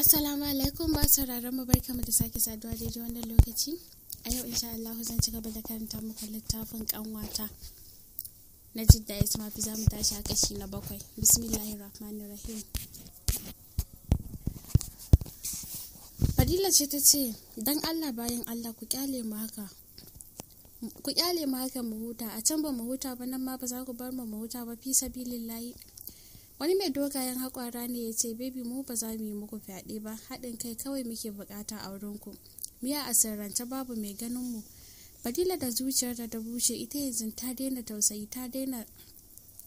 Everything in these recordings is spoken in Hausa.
Assalamu alaikum ba sauraron mu da sake saduwa daidai wannan lokaci. A yau insha Allah zan ci gaba da karanta muku littafin kanwata. Na jidda ya suma fi zamu tashi a kashi na bakwai. rahim Fadila ce ta ce, "Dan Allah bayan Allah ku kyale mu haka, ku kyale mu haka mu huta a can ba mu huta ba nan ma ba za ku bar mu mu huta ba fi sabilillahi wani mai dogayen haƙwara ne ya ce baby mu ba za mu yi muku fyaɗe ba haɗin kai kawai muke buƙata a wurinku miya a sirrance babu mai ganin mu fadila da zuciyar da ta bushe ita yanzu ta daina tausayi ta daina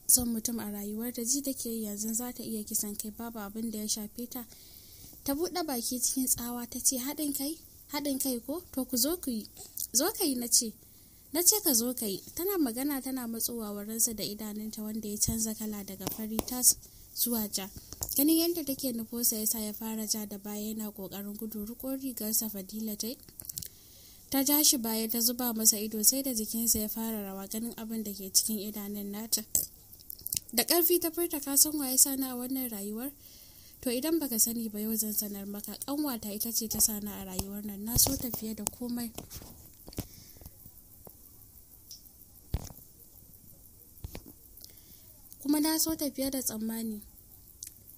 son mutum a rayuwar da ji take yanzu za ta iya kisan kai babu abin da ya shafe ta ta buɗe baki cikin tsawa ta ce kai haɗin kai ko to ku zo ku yi zo ka yi na ce na ce ka zo ka yi tana magana tana matsowa wurinsa da idanunta wanda ya canza kala daga fari ta zuwa ja ganin yadda take nufosa yasa ya fara ja da baya yana kokarin gudu riko rigarsa fadila ta ta ja shi baya ta zuba masa ido sai da jikinsa ya fara rawa ganin abin da ke cikin idanun nata da karfi ta furta ka san waye sana a wannan rayuwar to idan baka sani ba yau zan sanar maka ƙanwata ita ce ta sana a rayuwar nan na so ta fiye da komai kuma na so ta da tsammani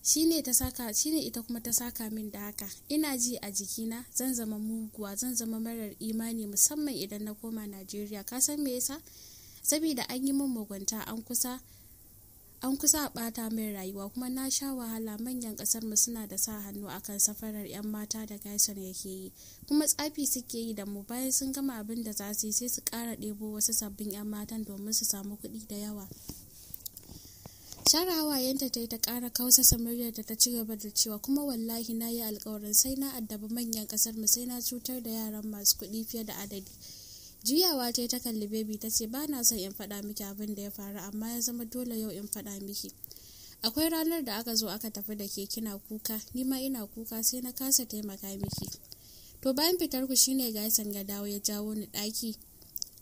shine ta saka ne ita kuma ta saka min da haka ina ji a jikina zan zama muguwa zan zama marar imani musamman idan na koma najeriya ka san me yasa saboda an yi min mugunta an kusa an kusa a bata min rayuwa kuma na sha wahala manyan kasar mu suna da sa hannu akan safarar yan mata da gaison yake yi kuma tsafi suke yi da mu bayan sun gama abin da za su yi sai su kara ɗebo wasu sabbin yan matan domin su samu kuɗi da yawa share hawayenta ta yi ta ƙara kausa samariya da ta ci gaba da cewa kuma wallahi na yi alkawarin sai na addaba manyan ƙasar mu sai na cutar da yaran masu kuɗi fiye da adadi juyawa ta yi ta kalli bebi ta ce ba na son in faɗa miki abin da ya faru amma ya zama dole yau in faɗa miki akwai ranar da aka zo aka tafi da ke kina kuka ni ma ina kuka sai na kasa taimaka miki to bayan fitar ku shine gaisan ga dawo ya jawo ni ɗaki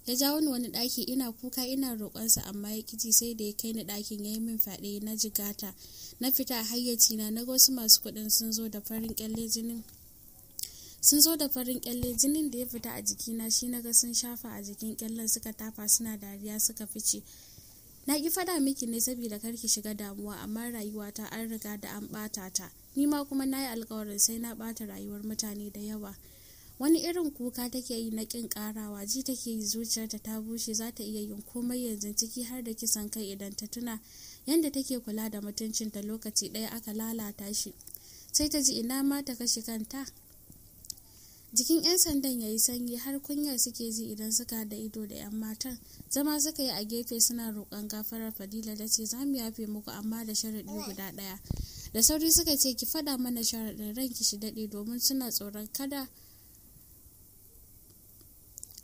ya ja wani wani ɗaki ina kuka ina roƙonsa amma ya kiji sai da ya kai ni ɗakin ya yi min fyaɗe na jigata na fita a hayyaci na ga wasu masu kuɗin sun zo da farin ƙyalle jinin sun zo da farin kyalle jinin da ya fita a jikina shi na ga sun shafa a jikin kyallen suka tafa suna dariya suka fice na ki fada miki ne saboda kar ki shiga damuwa amma rayuwata an riga da an ɓata ta ni ma kuma na yi alkawarin sai na ɓata rayuwar mutane da yawa wani irin kuka take yi na kin karawa ji take yi zuciyarta ta bushe za ta iya yin komai yanzu ciki har da kisan kai idan ta tuna yadda take kula da mutuncin mutuncinta lokaci ɗaya aka lalata shi sai ta ji ina ma ta kashe kanta jikin 'yan sandan ya yi sanyi har kunyar suke ji idan suka da ido da 'yan matan zama suka yi a gefe suna roƙon gafarar fadila da ce za mu yafe muku amma da sharaɗi guda ɗaya da sauri suka ce ki faɗa mana sharaɗin ranki shi daɗe domin suna tsoron kada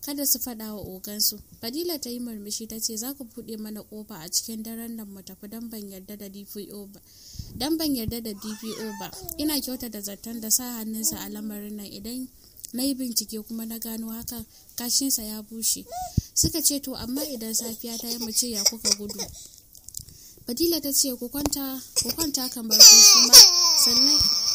kada su faɗa wa ogansu fadila ta yi murmushi ta ce za ku buɗe mana ƙofa a cikin daren nan mu tafi don ban yarda da dpo ba don ban yarda da dpo ba ina kyauta da zaton da sa hannunsa a lamarin nan idan na yi bincike kuma na gano haka kashinsa ya bushe suka ce to amma idan safiya ta yi mu ce ya kuka gudu fadila ta ce ku kwanta kamar kusuma sannan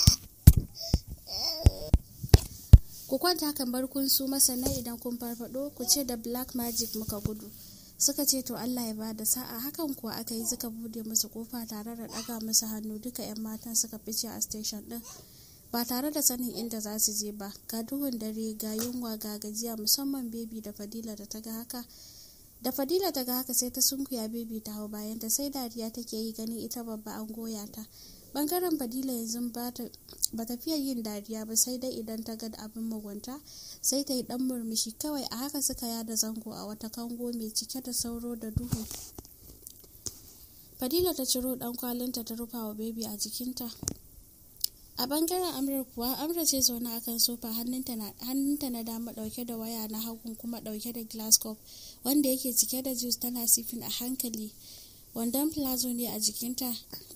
ku kwanta kamar kun su masa masana idan kun farfado ku ce da black magic muka gudu suka ce to Allah ya bada sa'a hakan kuwa aka yi suka bude musu kofa tare da daga musu hannu duka yan matan suka fice a station din ba tare da sanin inda za su je ba ga duhun dare ga yunwa ga gajiya musamman bebi da fadila da ta ga haka da fadila ta ga haka sai ta sunkuya bebi ta hau bayan ta sai dariya take yi ganin ita babba an goya ta bangaren fadila yanzu ba fiye yin dariya ba sai dai idan ta ga abin mugunta sai ta yi dan murmushi kawai a haka suka yada zango a wata kango mai cike da sauro da duhu fadila ta ciro dan kwalinta ta rufa wa bebi a jikinta a bangaren amir kuwa amir ce zaune a kan sofa hannunta na dama dauke da waya na hagun kuma dauke da glasgow wanda yake cike da juice tana sifin a hankali wandon plazo ne a jikinta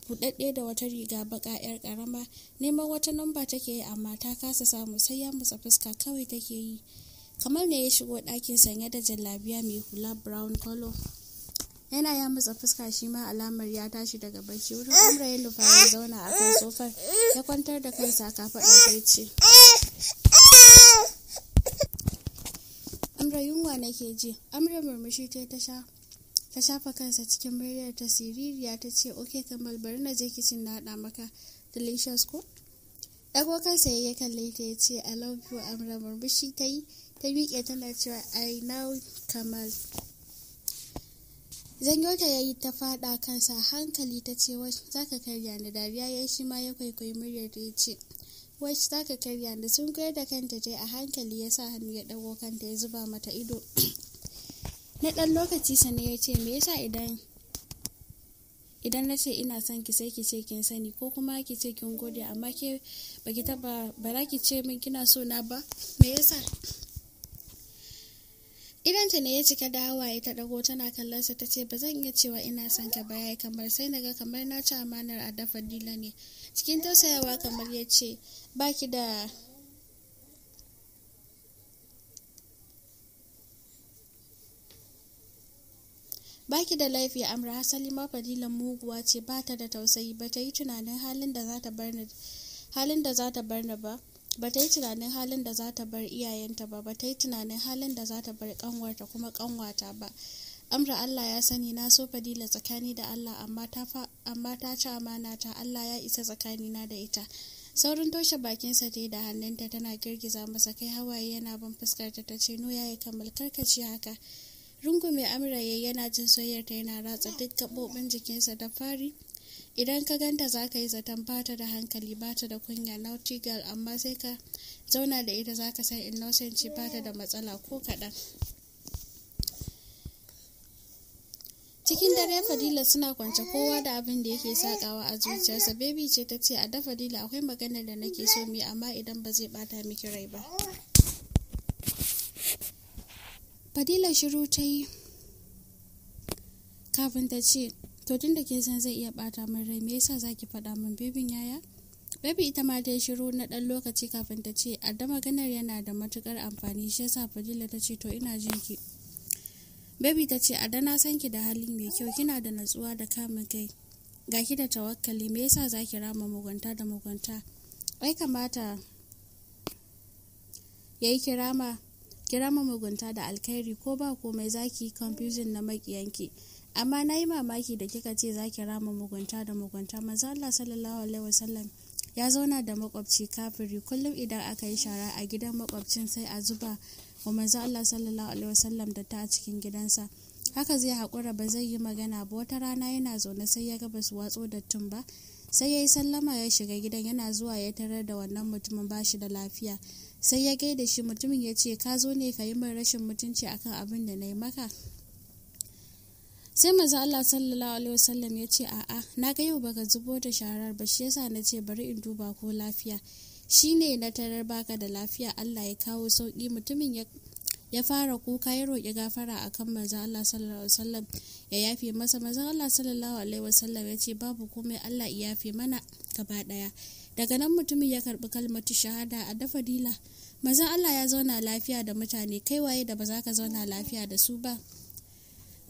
buɗaɗɗe da wata riga baƙa yar karama neman wata namba take yi amma ta kasa samu sai ya mutsa fuska kawai take yi kamar ne ya shigo ɗakin sanye da jallabiya mai hula brown color yana ya musa fuska shi ma alamar ya tashi daga barci wurin umra ya lufa ya zauna a kan sofar ya kwantar da kansa a kafaɗa ya ce amra yunwa nake ji amra murmushi ta ta sha ta shafa kansa cikin muryar ta siririya ta ce ok kamal bari na je kicin na haɗa maka delicious ko ɗago kansa ya kalle ta ya ce i love you amra murmushi ta yi ta miƙe tana cewa i now kamal zanyo ta yayi ta faɗa kansa hankali ta ce wacce zaka karya ni dariya ya shi ma ya kwaikwayi muryar ta ya ce wacce zaka karya da sun koyar da kanta dai a hankali ya sa hannu ya ɗago kanta ya zuba mata ido na ɗan lokaci sannan ya ce me yasa idan idan na ce ina son ki sai ki ce kin sani ko kuma ki ce kin gode amma ke baki taba za ki ce min kina so na ba me yasa idanta ne ya cika da hawaye ta dago tana kallon sa ce ba zan iya cewa ina son ka ba yayi kamar sai naga kamar na ci amanar a dafa dila ne cikin tausayawa kamar ya ce baki da baki da laifi amra hasali ma fadilan muguwa ce ba ta da tausayi ba ta yi tunanin halin da za ta bar ni halin da za ta bar ni ba ba ta yi tunanin halin da za ta bar iyayenta ba ba ta yi tunanin halin da za ta bar kanwarta kuma kanwata ba amra Allah ya sani na so fadila tsakani da Allah amma ta fa amma ta ci amana ta Allah ya isa tsakani na da ita saurin toshe bakinsa ta da hannunta tana girgiza masa kai hawaye yana ban fuskarta ta ce no ya yi kamar karkace haka mai amra ya yana jin soyayyarta yana ratsa duk gaɓoɓin jikinsa da fari idan ka ganta za ka yi zaton bata da hankali bata da kunya naughty girl amma sai ka zauna da ita za ka san innocent ce bata da matsala ko kaɗan cikin dare fadila suna kwance kowa da abin da yake sakawa a zuciyarsa baby ce ta ce a da fadila akwai maganar da nake so mi amma idan ba zai bata miki rai ba fadila shiru ta yi kafin ta ce to tun da kin san zai iya bata min rai me yasa zaki faɗa min bibin yaya baby ita ma ta shiru na ɗan lokaci kafin ta ce da maganar yana da matukar amfani shi yasa fadila ta ce to ina jin ki baby ta ce da na san ki da hali mai kyau kina da natsuwa da kamun kai ga ki da tawakkali me yasa zaki rama mugunta da mugunta ai kamata yayi kirama kira mugunta da alkhairi ko ba komai zaki confusion na makiyanki amma na yi mamaki da kika ce za ki rama mugunta da mugunta manzo Allah sallallahu alaihi wasallam ya zauna da makwabci kafiri kullum idan aka yi shara a gidan makwabcin sai a zuba wa manzo Allah sallallahu alaihi wasallam da ta a cikin gidansa haka zai haƙura ba zai yi magana ba wata rana yana zaune sai ya ga basu watso dattin ba sai yayi sallama ya shiga gidan yana zuwa ya tarar da wannan mutumin bashi da lafiya sai ya gaida shi mutumin ya ce ka zo ne ka yi min rashin mutunci akan abin da na yi maka sai maza Allah sallallahu alaihi wasallam ya ce a'a na ga yau baka zubo da sharar ba shi yasa na ce bari in duba ko lafiya shi ne na tarar baka da lafiya Allah ya kawo sauki mutumin ya ya fara kuka ya roƙi gafara akan maza Allah sallallahu alaihi wasallam ya yafe masa maza Allah sallallahu alaihi wasallam ya ce babu komai Allah ya yafe mana gaba ɗaya. daga nan mutumin ya karbi kalmatu shahada a dafa dila mazan allah ya zauna lafiya da mutane kai waye da ba za ka zauna lafiya da su ba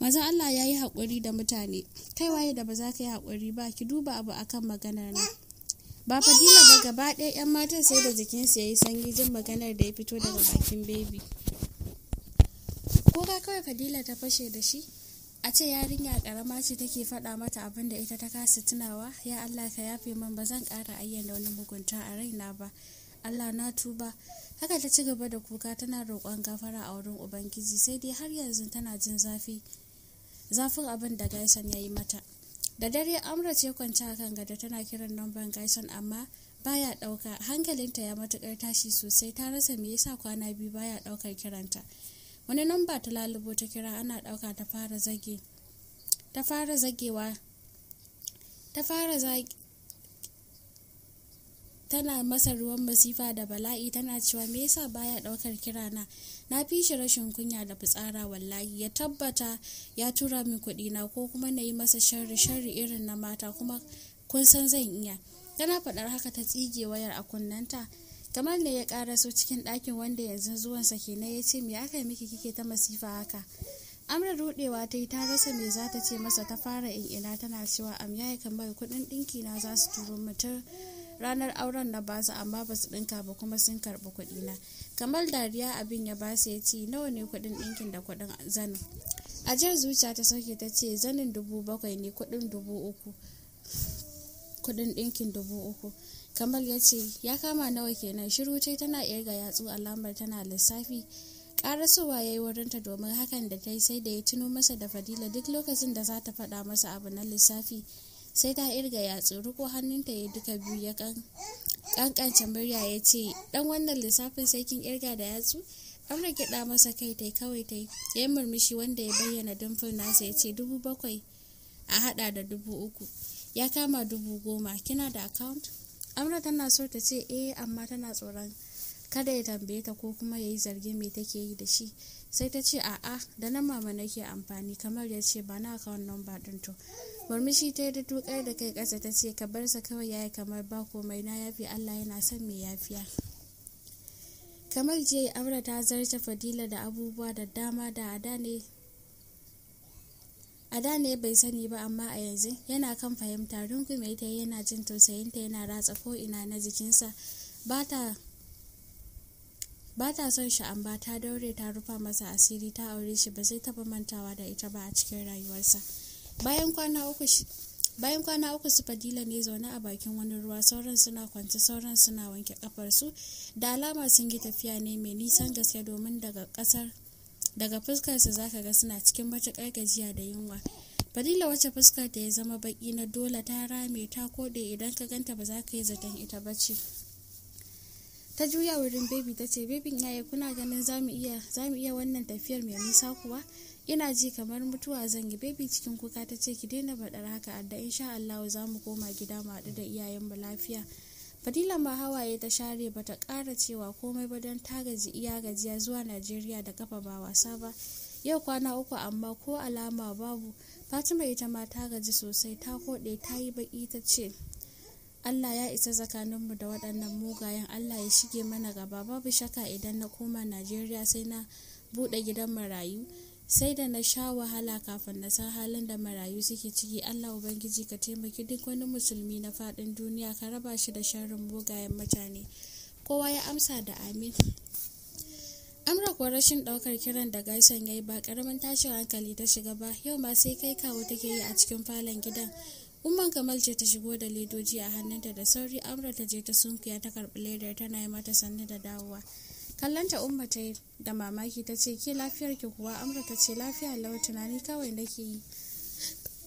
mazan allah ya yi haƙuri da mutane kai waye da ba za ka yi haƙuri ba ki duba abu akan magana na? ba fadila ba gaba ɗaya 'yan matan sai da jikinsu ya yi sanyi jin maganar da ya fito daga bakin bebi ko ka kawai fadila ta fashe da shi a ce yarinya karama ce take faɗa mata abin da ita ta kasa tunawa ya allah ka yafe man ba zan ƙara ayyana wani mugunta a raina ba allah na tuba haka ta ci gaba da kuka tana roƙon gafara a wurin ubangiji sai dai har yanzu tana jin zafi zafin abin da gaisan ya yi mata da dare amra ce kwanci a kan gado tana kiran lamban gaisan amma baya ɗauka hankalinta ya matukar tashi sosai ta rasa me yasa kwana biyu baya ɗaukar kiranta wani namba ta lalubo ta kira ana ɗauka ta fara zage ta fara zagewa ta fara zage tana masa ruwan masifa da bala'i tana cewa me yasa baya ɗaukar kirana na fi shi rashin kunya da fitsara wallahi ya tabbata ya tura min kuɗi na ko kuma na yi masa sharri sharri irin na mata kuma kun san zan iya tana faɗar haka ta tsige wayar a kunnanta kamar ne ya kara karaso cikin ɗakin wanda yanzu zuwansa ke na ya ce me aka miki kike ta masifa haka amra rudewa ta yi ta rasa me za ta ce masa ta fara in ina tana cewa am yi kamar kudin dinki na za su turo mutum ranar auren na basu amma ba su dinka ba kuma sun karbi kuɗi na kamar dariya abin ya basu ya ce nawa ne kudin ɗinkin da kudin zanin jiyar zuciya ta sauke ta ce zanin dubu bakwai ne kudin ɗinkin dubu uku kamal ya ce ya kama nawa kenan shiru ce tana kirga yatsu alamar tana lissafi karasowa ya yi wurinta domin hakan da ta yi sai da ya tuno masa da fadila duk lokacin da za ta faɗa masa abu na lissafi sai ta irga yatsu riko hannunta ya duka biyu ya kankance murya ya ce dan wannan lissafin sai kin irga da yatsu an gyaɗa masa kai tai kawai tai ya yi murmushi wanda ya bayyana dumfin nasa ya ce dubu bakwai a haɗa da dubu uku ya kama dubu goma kina da account amra tana so ta ce eh amma tana tsoron kada ya tambaye ta ko kuma ya yi zargin me take yi da shi sai ta ce a'a da nan mama nake amfani kamar ya ce ba na akawun namba din to murmushi ta yi da tukar da kai kasa ta ce ka bar sa kawai yayi kamar ba komai na yafi allah yana son me yafiya kamar jiya amra ta zarce fadila da abubuwa da dama da ada ne a da ne bai sani ba amma a yanzu yana kan fahimta rungume ta yana jin tausayin ta yana ratsa ko ina na jikinsa ba ta son shi an ba ta daure ta rufa masa asiri ta aure shi ba zai taba mantawa da ita ba a cikin rayuwarsa bayan kwana uku su fadila ne zaune a bakin wani ruwa sauran suna kwance sauran suna wanke kafarsu da alama sun yi tafiya ne mai nisan gaske domin daga kasar daga fuskarsa zaka ga suna cikin matuƙar gajiya da yunwa fadila wacce fuskar ta ya zama baki na dole ta rame ta koɗe idan ka ganta ba za ka yi zaton ita ba ce ta juya wurin baby ta ce babin yaya kuna ganin za mu iya wannan tafiyar mai nisa kuwa ina ji kamar mutuwa zan yi baby cikin kuka ta ce ki daina baɗar haka adda sha allahu za mu koma gida mu haɗu da mu lafiya fadila ma hawaye ta share bata kara cewa komai ba don ta gaji iya gajiya zuwa najeriya da kafa ba wasa ba yau kwana uku amma ko alama babu fatima ita ma ta gaji sosai ta koɗe ta yi baki ta ce allah ya isa tsakaninmu da waɗannan mugayen allah ya shige mana gaba babu shaka idan na koma najeriya sai na buɗe gidan marayu sai da na sha wahala kafin na san halin da marayu suke ciki allah ubangiji ka taimaki duk wani musulmi na fadin duniya ka raba shi da sharin mugayen mutane kowa ya amsa da amin amra kuwa rashin ɗaukar kiran da gaisan ya yi ba karamin tashin hankali ta shiga ba yau ma sai kai kawo take yi a cikin falon gidan umman kamal ce ta shigo da ledoji a hannunta da sauri amra ta je ta sunkuya ta karbi ledar tana yi mata sannu da dawowa kallanta umma ta yi da mamaki ta ce ke lafiyar ki kuwa amra ta ce lafiya lawa tunani kawai ke yi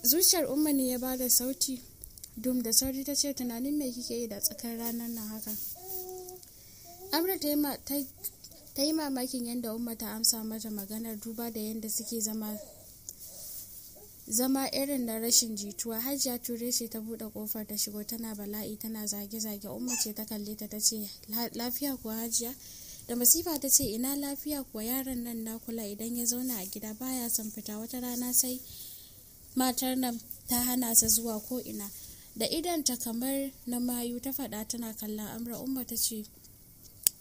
zuciyar umma ne ya bada sauti dum da sauri ta ce tunanin mai kike yi da tsakar ranar nan haka amra ta yi mamakin yadda umma ta amsa mata maganar duba da yadda suke zama irin na rashin jituwa hajiya ture ce ta buɗe kofar ta shigo tana bala'i tana zage-zage umma ce ta kalle ta ta ce lafiya ko hajiya da masifa ta ce ina lafiya kuwa yaron nan na kula idan ya zauna a gida baya son fita wata rana sai matar nan ta hana sa zuwa ko ina da idan ta kamar na mayu ta faɗa tana kallon amra umma ta ce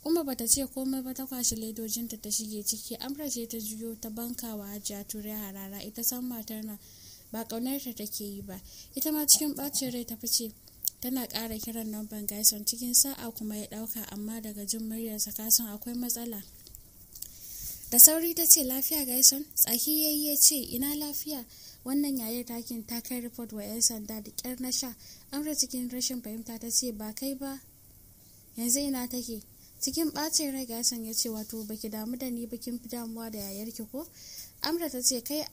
umma bata ce komai ba ta kwashe ledojinta ta shige ciki amra ce ta juyo ta banka wa hajiya turai harara ita san matar nan ba ƙaunarta take yi ba ita ma cikin bacin rai ta fice tana ƙara kiran namban gaison cikin sa'a kuma ya ɗauka amma daga jin muryarsa kasan akwai matsala da sauri ta ce lafiya gaison tsaki yayi ya ce ina lafiya wannan yayar takin ta kai report wa 'yan sanda da ƙyar na sha amra cikin rashin fahimta ta ce ba kai ba yanzu ina take cikin ɓacin rai gaison ya ce wato baki damu da ni bakin fi damuwa da yayarki ko amra ta ce kai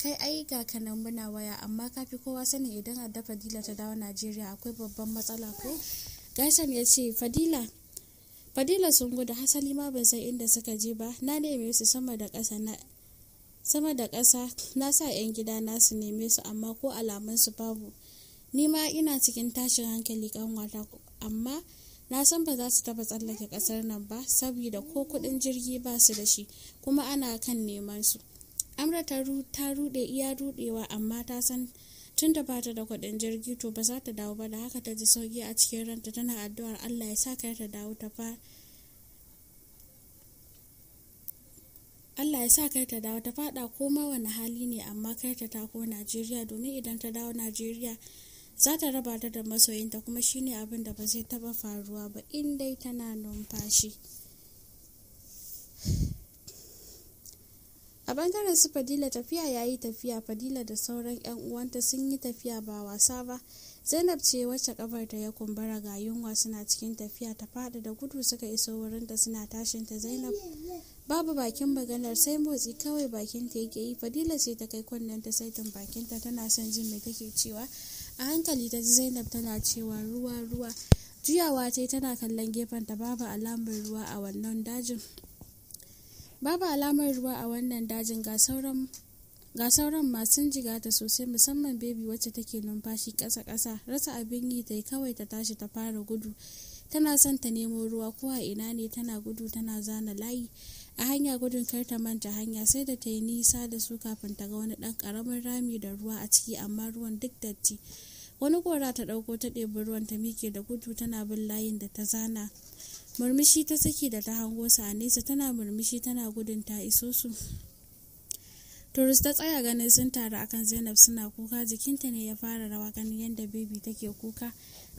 kai ai ga kanan muna waya amma kafi kowa sanin idan adda fadila ta dawo najeriya akwai babban matsala ko gaisan ya ce fadila fadila sun gudu hasali ma ban san inda suka je ba na neme su sama da ƙasa na sama da ƙasa na sa 'yan gida na su neme su amma ko alamun su babu ni ma ina cikin tashin hankali kanwata amma na san ba za su taba tsallake ƙasar nan ba saboda ko kudin jirgi ba su da shi kuma ana kan neman su amra ta rude iya rudewa amma ta san tun da bata da kuɗin jirgi to ba za ta dawo ba da haka ta ji sauki a cikin ranta tana addu'ar allah ya sa ta dawo ta fa Allah ya sa kai ta dawo ta fada koma wani hali ne amma kai ta tako Najeriya domin idan ta dawo Najeriya za ta raba ta da masoyinta kuma shine abin da ba zai taba faruwa ba in dai tana numfashi. a bangaren su fadila tafiya ya yi tafiya fadila da sauran yan uwanta sun yi tafiya ba wasa ba zainab ce wacce kafar ta ya kumbura ga yunwa suna cikin tafiya ta fada da gudu suka iso wurin da suna tashin ta zainab babu bakin maganar sai motsi kawai bakin ta yake yi fadila ce ta kai kunnen ta saitin bakin ta tana son jin me take cewa a hankali ta ji zainab tana cewa ruwa ruwa juyawa ta tana kallon gefen ta babu alamar ruwa a wannan dajin babu alamar ruwa a wannan dajin ga sauran ga sauran masu jigata sosai musamman bebi wacce take numfashi kasa-kasa rasa abin yi ta kawai ta tashi ta fara gudu tana son ta nemo ruwa ko a ina ne tana gudu tana zana layi a hanya gudun kar ta manta hanya sai da ta yi nisa da su kafin ta ga wani ɗan karamin rami da ruwa a ciki amma ruwan duk datti wani gora ta ɗauko ta ɗebi ruwan ta miƙe da gudu tana bin layin da ta zana murmushi ta saki da ta hango su a nesa tana murmushi tana gudun ta iso su turus ta tsaya ganin sun taru akan zainab suna kuka jikinta ne ya fara rawa ganin yadda baby take kuka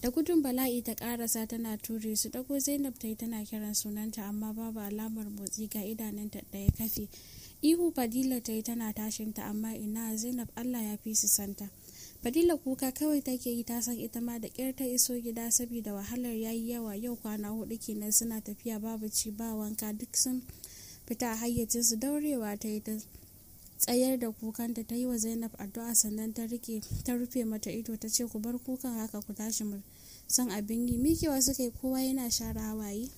da gudun bala'i ta karasa tana ture su dago zainab ta yi tana kiran sunanta amma babu alamar motsi ga idanunta da ya kafe ihu fadila ta yi tana tashinta amma ina zainab allah ya fi su santa badila kuka kawai take yi ta san ita ma da ƙyar ta iso gida saboda wahalar ya yi yawa yau kwana hudu kenan suna tafiya babu ci ba wanka duk sun fita hayyacin su daurewa ta yi ta tsayar da kukanta ta yi wa zainab addu'a sannan ta rike ta rufe mata ido ta ce ku bar kukan haka ku tashi mu san abin yi mikewa suka yi kowa yana share hawaye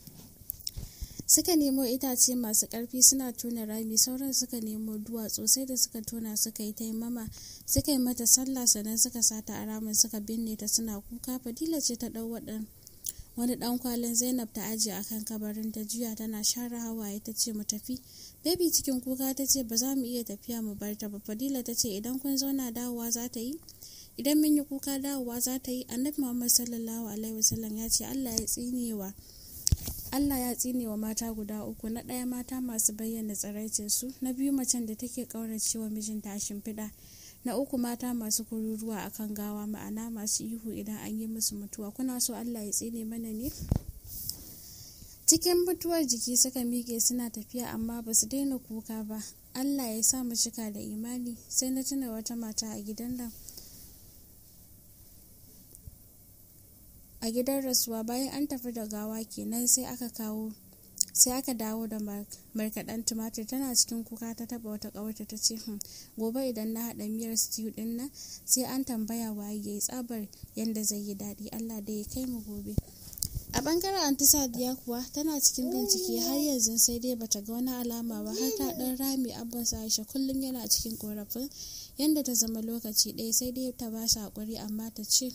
suka nemo itace masu ƙarfi suna tona rami sauran suka nemo duwatsu sai da suka tona suka yi taimama suka yi mata sallah sannan suka sata a ramin suka binne ta suna kuka fadila ce ta ɗau waɗannan wani dan kwalin zainab ta ajiye a kan kabarin ta juya tana share hawaye ta ce mu tafi baby cikin kuka ta ce ba za mu iya tafiya mu bar ta ba fadila ta ce idan kun zauna dawowa za ta yi idan mun yi kuka dawowa za ta yi annabi muhammad sallallahu alaihi wasallam ya ce allah ya tsinewa Allah ya tsine wa mata guda uku na ɗaya mata masu bayyana su na biyu macen da take ƙauracewa mijinta a shimfiɗa na uku mata masu kururuwa a kan gawa ma'ana masu ihu idan an yi musu mutuwa kuna so Allah ya tsine mana ne cikin mutuwar jiki suka miƙe suna tafiya amma ba su daina kuka ba Allah ya sa mu cika da imani sai na tuna wata mata a gidan nan a gidan rasuwa bayan an tafi da gawa kenan sai aka kawo sai aka dawo da markaɗan tumatir tana cikin kuka ta taɓa wata ƙawarta ta ce hmm, gobe idan na haɗa miyar stew ɗin nan sai an tambaya waye ya yi tsabar yadda zai yi daɗi allah da ya kai mu gobe a ɓangaren anti sadiya kuwa tana cikin bincike har yanzu sai dai bata ga wani alama ba har ta ɗan rami abban aisha kullum yana cikin korafin yadda ta zama lokaci ɗaya sai dai ta ba shi haƙuri amma ta ce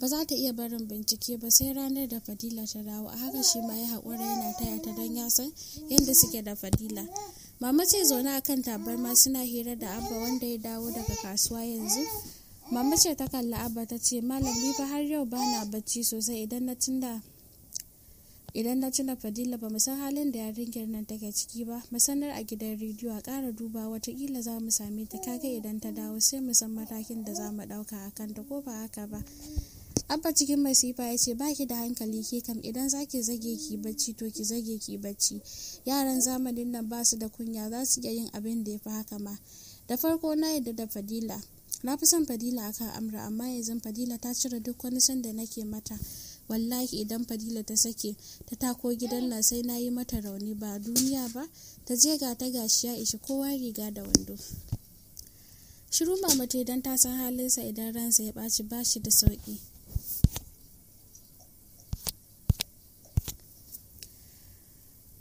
ba za ta iya barin bincike ba sai ranar da fadila ta dawo a haka shi ma ya haƙura yana taya ta don ya san yadda suke da fadila mama ce zaune a kan tabarma suna hira da abba wanda ya dawo daga kasuwa yanzu mama ce ta kalla abba ta ce malam ba har yau ba na bacci sosai idan na tunda idan na tuna fadila ba san halin da yarinyar nan take ciki ba masanar a gidan rediyo a kara duba watakila za mu same ta kaga idan ta dawo sai mu san matakin da za mu ɗauka a kanta ko ba haka ba abba cikin masifa ya ce baki da hankali ke kam idan ki zage ki bacci to ki zage ki bacci yaran zamanin nan ba su da kunya za su iya yin abin da ya fi haka ma da farko na yadda da fadila na fi son fadila akan amra amma yanzu fadila ta cire duk wani son da nake mata wallahi idan fadila ta sake ta tako gidan na sai na yi mata rauni ba duniya ba ta je ga ta gashi ya ishi kowa riga da wando shiru mama ta idan ta san halinsa idan ransa ya ɓaci ba shi da sauƙi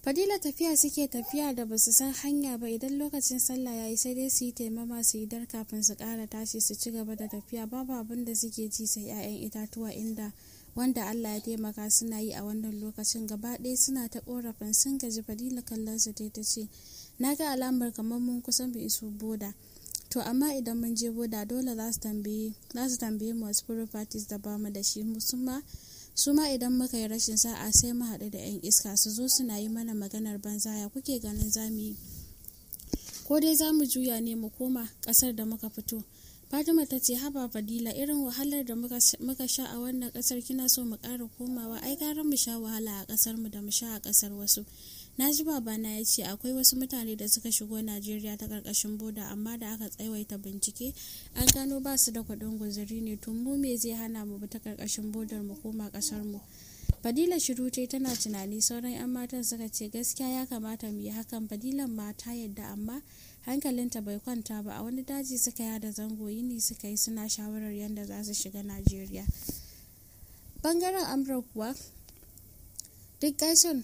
fadila tafiya suke tafiya da basu san hanya ba idan lokacin sallah ya yi sai dai su yi taimama su yi dar kafin su kara tashi su ci gaba da tafiya babu abin da suke ji sai 'ya'yan itatuwa inda wanda Allah ya taimaka suna yi a wannan lokacin gaba ɗaya suna ta korafin sun gaji fadila kallon su ta ce na ga alamar kamar mun kusan bi isu boda to amma idan mun je boda dole za su tambaye mu wasu properties da bamu da shi musamman su ma idan muka yi rashin sa'a sai mu haɗu da 'yan iska su zo suna yi mana maganar banza ya kuke ganin zamu yi ko dai za mu juya ne mu koma ƙasar da muka fito fatima ta ce haba fadila irin wahalar da muka sha a wannan ƙasar kina so mu ƙara komawa ai gara mu sha wahala a kasar mu da mu sha a ƙasar wasu na ji babana ya ce akwai wasu mutane da suka shigo najeriya ta karkashin boda amma da aka tsaiwaita bincike an gano ba su da kuɗin guzuri ne tun mu me zai hana mu ta karkashin bodar mu koma kasar mu fadila shiru ce tana tunani sauran 'yan matan suka ce gaskiya ya kamata mu yi hakan fadilan ma ta yadda amma hankalinta bai kwanta ba a wani daji suka yada zango yini suka yi suna shawarar yadda za su shiga najeriya bangaren amurka kuwa duk gaison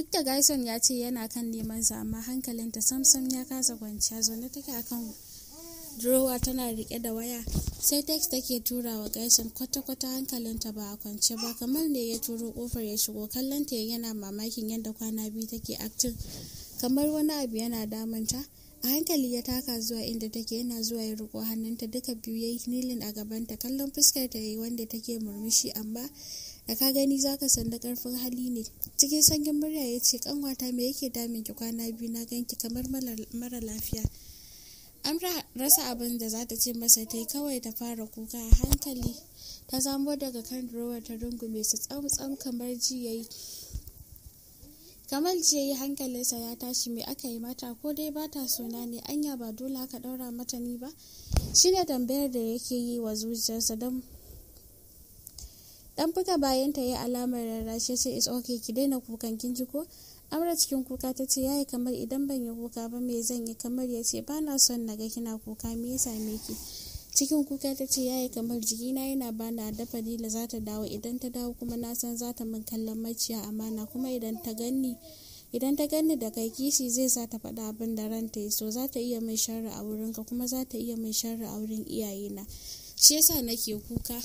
duk da gaison ya ce yana kan neman sa amma hankalinta samsam ya kasa kwanciya zaune take akan drowa tana rike da waya sai text take tura wa gaison kwata-kwata hankalinta ba a kwance ba kamar ne ya turo kofar ya shigo kallonta yana mamakin yadda kwana biyu take acting kamar wani abu yana damunta a hankali ya taka zuwa inda take yana zuwa ya riko hannunta duka biyu yayi nilin a gabanta kallon fuskar ta yayi wanda take murmushi amma da ka gani zaka san da karfin hali ne cikin sanyin murya ya ce kanwata me yake damin ki kwana biyu na ganki kamar mara lafiya an rasa abin da za ta ce masa ta yi kawai ta fara kuka a hankali ta zamo daga kan durowar ta rungume su tsamtsam kamar ji yi. kamar jiya yi hankalinsa ya tashi mai aka yi mata ko dai ba ta suna ne anya ba dole haka daura mata ni ba shi ne tambayar da yake yi wa zuciyarsa don dan buga bayan ta yi alamar rarrashe ce it's okay ki daina kukan kin ji ko amra cikin kuka ta ce yayi kamar idan ban yi kuka ba me zan yi kamar ya ce ba na son naga kina kuka me ya same ki cikin kuka ta ce yayi kamar na yana ba bana da fadila za ta dawo idan ta dawo kuma na san za ta min kallon maciya amana kuma idan ta ganni idan ta ganni da kai kishi zai sa ta fada abin da ta yi so za ta iya mai sharri a wurinka kuma za ta iya mai sharri a wurin iyayena shi yasa nake kuka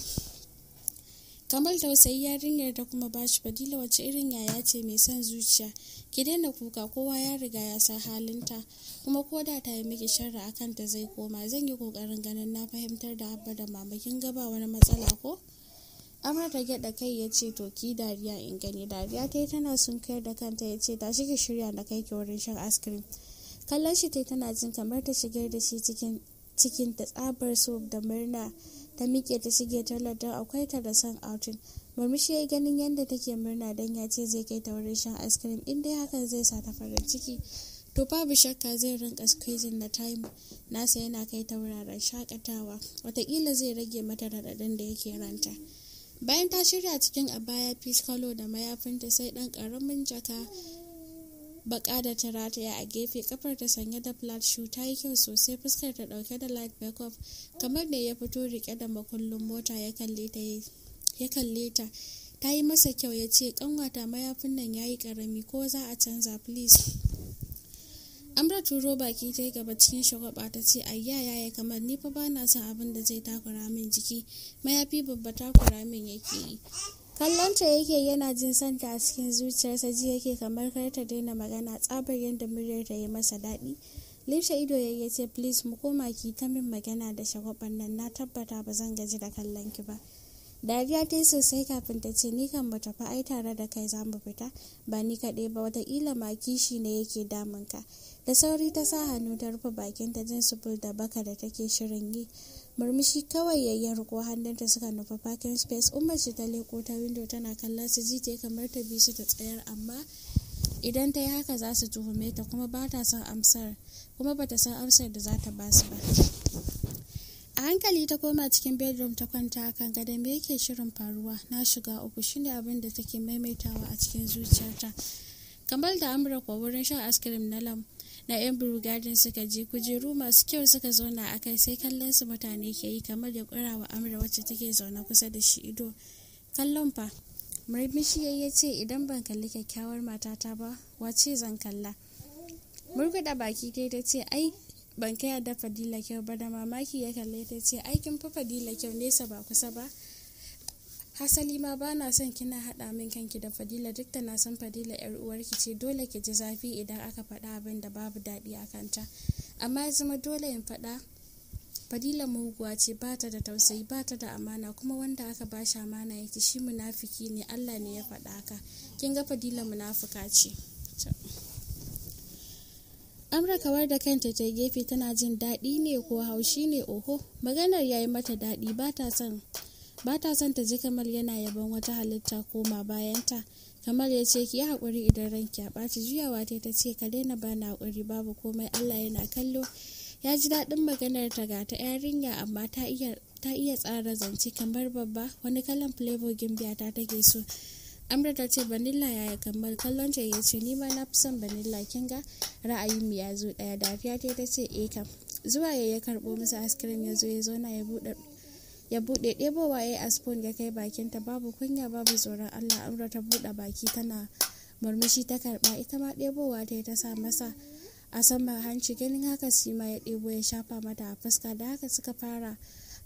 kamar tausayi yarinyar da kuma bashi fadila wacce irin yaya ce mai son zuciya ki daina kuka kowa ya riga ya san halinta kuma ko da ta yi miki sharra a ta zai koma zan yi kokarin ganin na fahimtar da abba da mama kin wani matsala ko amar ta gyada kai ya ce to ki dariya in gani dariya ta yi tana kayar da kanta ya ce tashi ki shirya na kai ki wurin shan ice cream kallon shi ta yi tana jin kamar ta shigar da shi cikin cikin ta tsabar da murna ta miƙe ta shige talar don akwai ta da son outing murmushi ya yi ganin yadda take murna don ya ce zai kai ta wurin shan ice cream in dai hakan zai sa ta farin ciki to babu shakka zai rinka squeezing na time nasa yana kai ta wuraren shakatawa watakila zai rage mata raɗaɗin da yake ranta bayan ta shirya cikin abaya peace da mayafinta sai ɗan karamin jaka baka da ta rataya a gefe kafar ta sanye da flat shoe ta yi kyau sosai fuskar ta dauke da light backup kamar da ya fito rike da makullin mota ya kalle ta ya ta yi masa kyau ya ce kanwata mayafin nan ya yi karami ko za a canza please amra turo baki ta yi gaba cikin shagwaba ta ce ayya yaya kamar ni fa bana son abin da zai takura min jiki mayafi babba takura min yake yi kallonta yake yana jin santa a cikin zuciyarsa ji yake kamar kar ta daina magana tsabar yadda muryar ta yi masa daɗi limshe ido ya yi ce please mu koma ki ta min magana da shagwaban nan na tabbata ba zan gaji da kallon ki ba dariya ta yi sosai kafin ta ce ni kan mu tafi ai tare da kai za mu fita ba ni kaɗai ba watakila ma kishi ne yake ka da sauri ta sa hannu ta rufe bakin ta jin da baka da take shirin yi murmushi kawai ya riko hannunta suka nufa parking space umar ta leko ta window tana kallon su ji kamar ta bi su ta tsayar amma idan ta yi haka za su tuhume ta kuma ba ta san amsar kuma ba ta san amsar da za ta ba su ba a hankali ta koma cikin bedroom ta kwanta kan gadon me yake shirin faruwa na shiga uku shine abin da take maimaitawa a cikin zuciyarta kamar da amurka wurin shan ice cream na lam na 'yan burgadin suka je kujeru masu kyau suka zauna a kai sai kallon su mutane ke yi kamar da kura wa amra wacce take zaune kusa da shi ido kallon fa murmushi ya ce idan ban kalli kyakkyawar matata ba wace zan kalla murguda baki dai ta ce ai ban kai da fadila kyau ba da mamaki ya kalli ta ce aikin fa fadila kyau nesa ba kusa ba hasali ma ba na son kina haɗa min kanki da fadila duk da na san fadila yar uwarki ce dole ki ji zafi idan aka faɗa abin da babu daɗi a kanta amma ya zama dole in faɗa fadila muguwa ce ba ta da tausayi ba ta da amana kuma wanda aka ba shi amana yake shi munafiki ne allah ne ya faɗa ka kin ga fadila munafuka ce amra kawar da kanta ta gefe tana jin daɗi ne ko haushi ne oho maganar yayi mata daɗi ba ta son ba ta son ta ji kamar yana yabon wata halitta koma bayanta kamar ya ce ki yi haƙuri idan ranki ya ɓaci juyawa ta ta ce ka daina ba na haƙuri babu komai allah yana kallo ya ji daɗin maganar ta ga ta yarinya amma ta iya ta iya tsara zance kamar babba wani kalan flavor gimbiya ta take so amra ta ce vanilla ya yi kamar kallon ta ya ce nima na fi son vanilla kin ga ra'ayin mu ya zo ɗaya dafiya ta ta ce eh kam zuwa ya ya karɓo masa ice cream ya zo ya zauna ya buɗe ya buɗe ɗebowa ya yi spoon ya kai bakinta babu kunya babu tsoron allah amra ta buɗe baki tana murmushi ta karɓa ita ma ɗebowa ta yi ta sa masa a saman hanci ganin haka ma ya ɗebo ya shafa mata a fuska da haka suka fara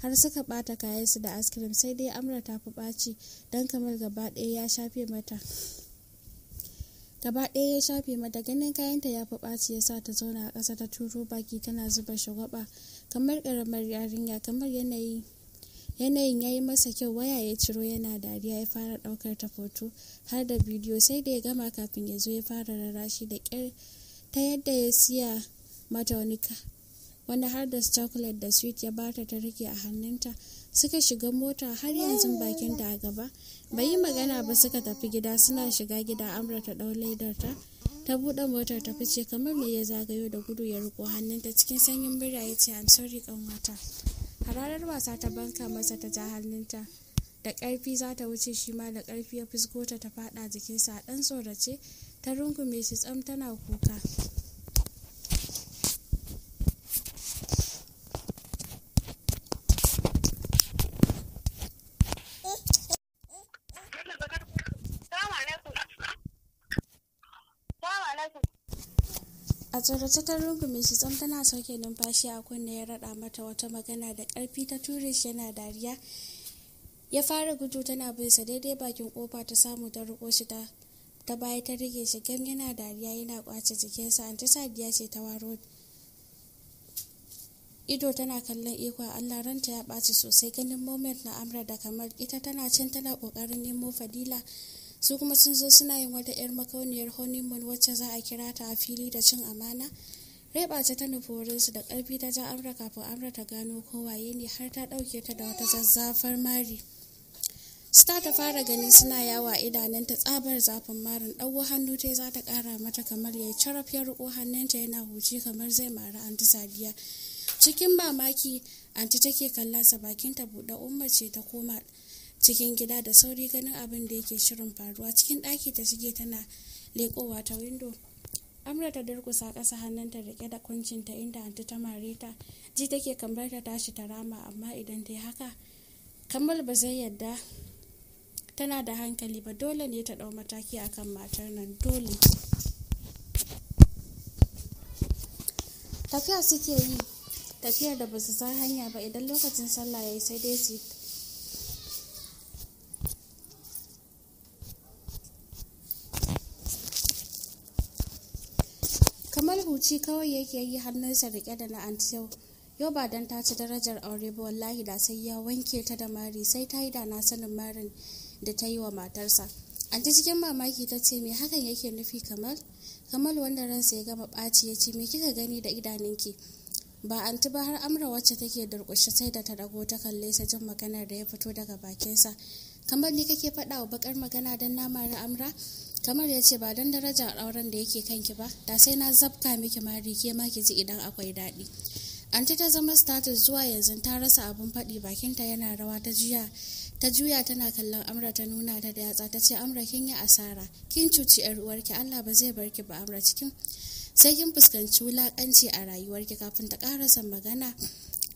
har suka bata kayansu da askirim sai dai amra ta fi ɓaci don kamar gaba ɗaya ya shafe mata gaba ɗaya ya shafe mata ganin kayanta ya fi ɓaci ya sa ta zauna a ƙasa ta turo baki tana zuba shagwaba kamar ƙaramar yarinya kamar yanayi yanayin ya yi masa kyau waya ya ciro yana dariya ya fara daukar ta foto har da bidiyo sai da ya gama kafin ya zo ya fara rarashi da kyar ta yadda ya siya mata wani wanda har da chocolate da sweet ya bata ta rike a hannunta suka shiga mota har yanzu bakin da a gaba bai yi magana ba suka tafi gida suna shiga gida amra ta dau ledar ta ta buɗe motar ta fice kamar me ya zagayo da gudu ya riko hannunta cikin sanyin birya ya ce i'm sorry kanwata a ranar wasa ta banka masa ta ja hannunta da ƙarfi za ta wuce shi ma da ƙarfi ya fuskota ta fada faɗa jikinsa a ɗan tsorace ta rungume shi tsam tana kuka a tsorace ta rungume shi tsam tana sauke numfashi a kunne ya raɗa mata wata magana da karfi ta ture shi yana dariya ya fara gudu tana bisa daidai bakin kofa ta samu ta riko shi ta baya ta rike shi gam yana dariya yana kwace jikinsa an ta sadiya ce ta waro ido tana kallon ikon allah ranta ya ɓaci sosai ganin moment na amra da kamar ita tana cin tana kokarin nemo fadila su kuma sun zo suna yin wata 'yar makauniyar honeymoon wacce za a kira ta a fili da cin amana reba ta ta nufurinsu da karfi ta ja amra kafin amra ta gano kowaye ne har ta ɗauke ta da wata zazzafar mari star ta fara gani suna yawa idanun ta tsabar zafin marin ɗauko hannu ta za ta ƙara mata kamar ya caraf ya riƙo hannunta yana huce kamar zai mara anti sabiya cikin mamaki anti take kallonsa bakinta buɗe umma ce ta koma cikin gida da sauri ganin abin da yake shirin faruwa cikin ɗaki ta shige tana lekowa ta windo amra ta durkusa ƙasa hannunta rike da kuncin kuncinta inda anti ta mare ta ji take kamar ta tashi ta rama amma idan ta yi haka kamar ba zai yadda tana da hankali ba dole ne ta ɗau mataki akan matar nan dole tafiya suke yi tafiyar da ba su san hanya ba idan lokacin sallah ya yi sai dai su huci kawai yake yi hannunsa rike da na antiyau yau ba don ta ci darajar aure ba wallahi da sai ya wanke ta da mari sai ta yi da na sanin marin da ta yi wa matarsa anti cikin mamaki ta ce me hakan yake nufi kamal kamal wanda ransa ya gama ɓaci ya ce me kika gani da idanunki ba anti ba har amra wacce take durƙushe sai da ta dago ta kalle sa jin maganar da ya fito daga bakinsa kamar ni kake faɗa wa bakar magana don na mara amra kamar ya ce ba don darajar auren da yake kanki ba da sai na zabka miki mari ke ma ki ji idan akwai daɗi anti ta zama status zuwa yanzu ta rasa abun faɗi bakinta yana rawa ta juya ta juya tana kallon amra ta nuna ta da yatsa ta ce amra kin yi asara kin cuci yar uwarki allah ba zai barki ba amra cikin sai kin fuskanci wulakanci a rayuwarki kafin ta karasa magana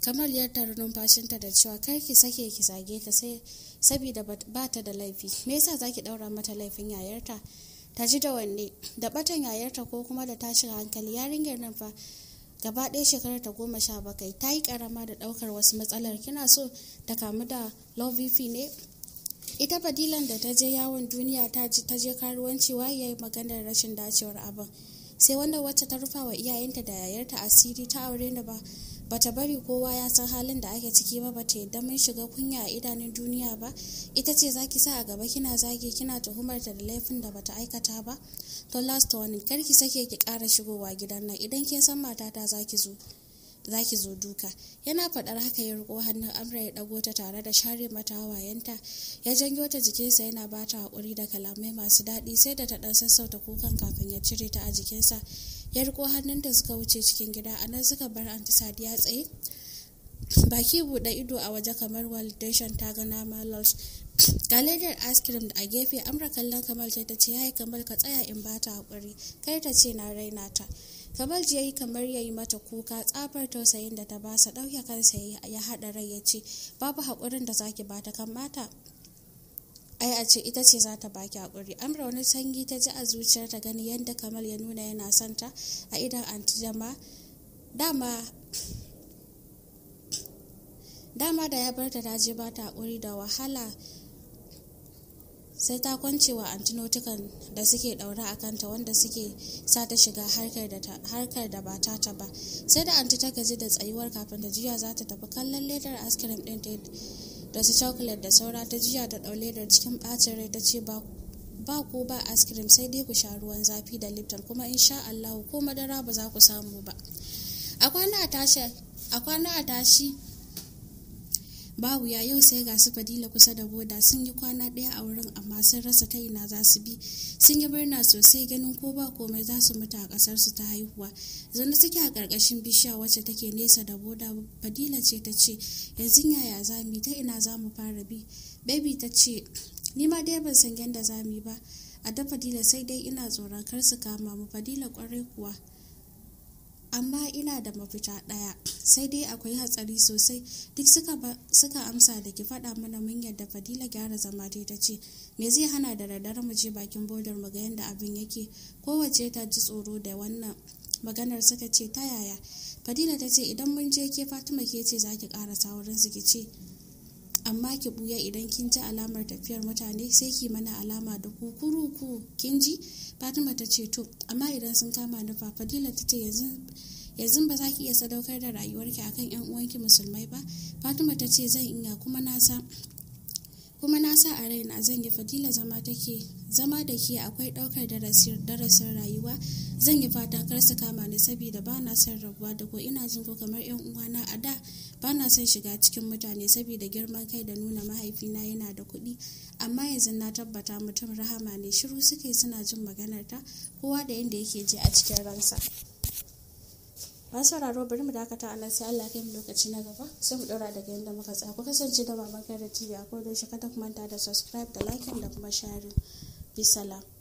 kamar yadda numfashinta da cewa kar ki sake ki zage ta sai saboda ba ta da laifi me yasa zaki daura mata laifin yayarta ta ji da wanne da batan yayarta ko kuma da tashin hankali yarinyar nan fa gaba ɗaya shekarar ta goma sha bakwai ta yi karama da ɗaukar wasu matsalar kina so ta kamu da lovifi ne ita fadilan da ta je yawon duniya ta ji ta je karuwanci waye maganar rashin dacewar abin sai wanda wacce ta rufa wa iyayenta da yayarta asiri ta aure da ba bata bari kowa ya san halin da ake ciki ba bata yadda mun shiga kunya a idanun duniya ba ita ce zaki sa a gaba kina zagi kina tuhumar da laifin da bata aikata ba to last warning kar ki sake ki ƙara shigowa gidan nan idan kin san matata zaki zo zaki zo duka yana faɗar haka ya riko hannun amra ya dago ta tare da share mata wayanta ya janyo ta jikinsa yana bata hakuri da kalamai masu daɗi sai da ta ɗan sassauta kukan kafin ya cire ta a jikinsa yarko hannun da suka wuce cikin gida a nan suka bar antisad ya tsaye baki buɗe ido a waje kamar walidation ta ga nama lals ga ice cream a gefe amra kallon kamal ce ta ce ya yi kamal ka tsaya in bata ta haƙuri kai ta ce na raina ta kamal ji yayi kamar yayi mata kuka tsabar tausayin da ta basa ɗauke kansa ya haɗa rai ya ce babu haƙurin da zaki bata kamata ai a ce ita ce za ta baki hakuri amra wani sanyi ta ji a zuciyar ta gani yadda kamal ya nuna yana santa a idan anti jama dama dama da ya bar ta daji ba ta hakuri da wahala sai ta kwance wa antinotukan da suke daura a kanta wanda suke sa ta shiga harkar da ba ta ba sai da anti ta gaji da tsayuwar kafin da jiya za ta tafi kallon ledar ice cream din da su chocolate da saura ta jiya ta ɗau da cikin bacin rai ta ce ba ko ba ice cream sai dai ku sha ruwan zafi da lipton kuma insha Allah ko madara ba za ku samu ba a kwana a tashi babu ya yau sai ga su fadila kusa da boda sun yi kwana ɗaya a wurin amma sun rasa ta ina za su bi sun yi birna sosai ganin ko ba komai za su mutu a ƙasar su ta haihuwa zaune suke a ƙarƙashin bishiya wacce take nesa da boda fadila ce ta ce yanzu yaya za mu ta ina za mu fara bi baby ta ce ni ma dai ban san yadda za mu ba a da fadila sai dai ina tsoron kar su kama mu fadila kwarai kuwa amma ina da mafita ɗaya sai dai akwai hatsari sosai duk suka amsa da ki faɗa mana mun yadda fadila gyara zama dai ta ce me zai hana da daddare mu je bakin bodar mu ga yadda abin yake kowace ta ji tsoro da wannan maganar suka ce ta yaya fadila ta ce idan mun je ke fatima ke ce za ki ƙara wurin su ki ce amma ki buya idan kin ci alamar tafiyar mutane sai ki mana alama da ku kin ji fatima ta ce to amma idan sun kama da fadila ta ce yanzu yanzu ba za ki iya sadaukar da rayuwarki akan yan uwanki musulmai ba fatima ta ce zan iya kuma na san kuma na sa a raina zan yi fadila zama take zama da ke akwai ɗaukar darasin rayuwa zan yi fata kar su kama ni saboda ba na son rabuwa da ko ina jin ko kamar yan uwana a da ba na son shiga cikin mutane saboda girman kai da nuna mahaifina yana da kuɗi amma yanzu na tabbata mutum rahama ne shiru suke suna jin maganar ta kowa da yanda yake je a cikin ransa masu sauraro bari mu dakata a nan sai Allah kai mu lokaci na gaba sai mu daura daga yadda muka tsaya ku kasance da baban da TV a kodayaushe kada ku manta da subscribe da like da kuma sharing bisalam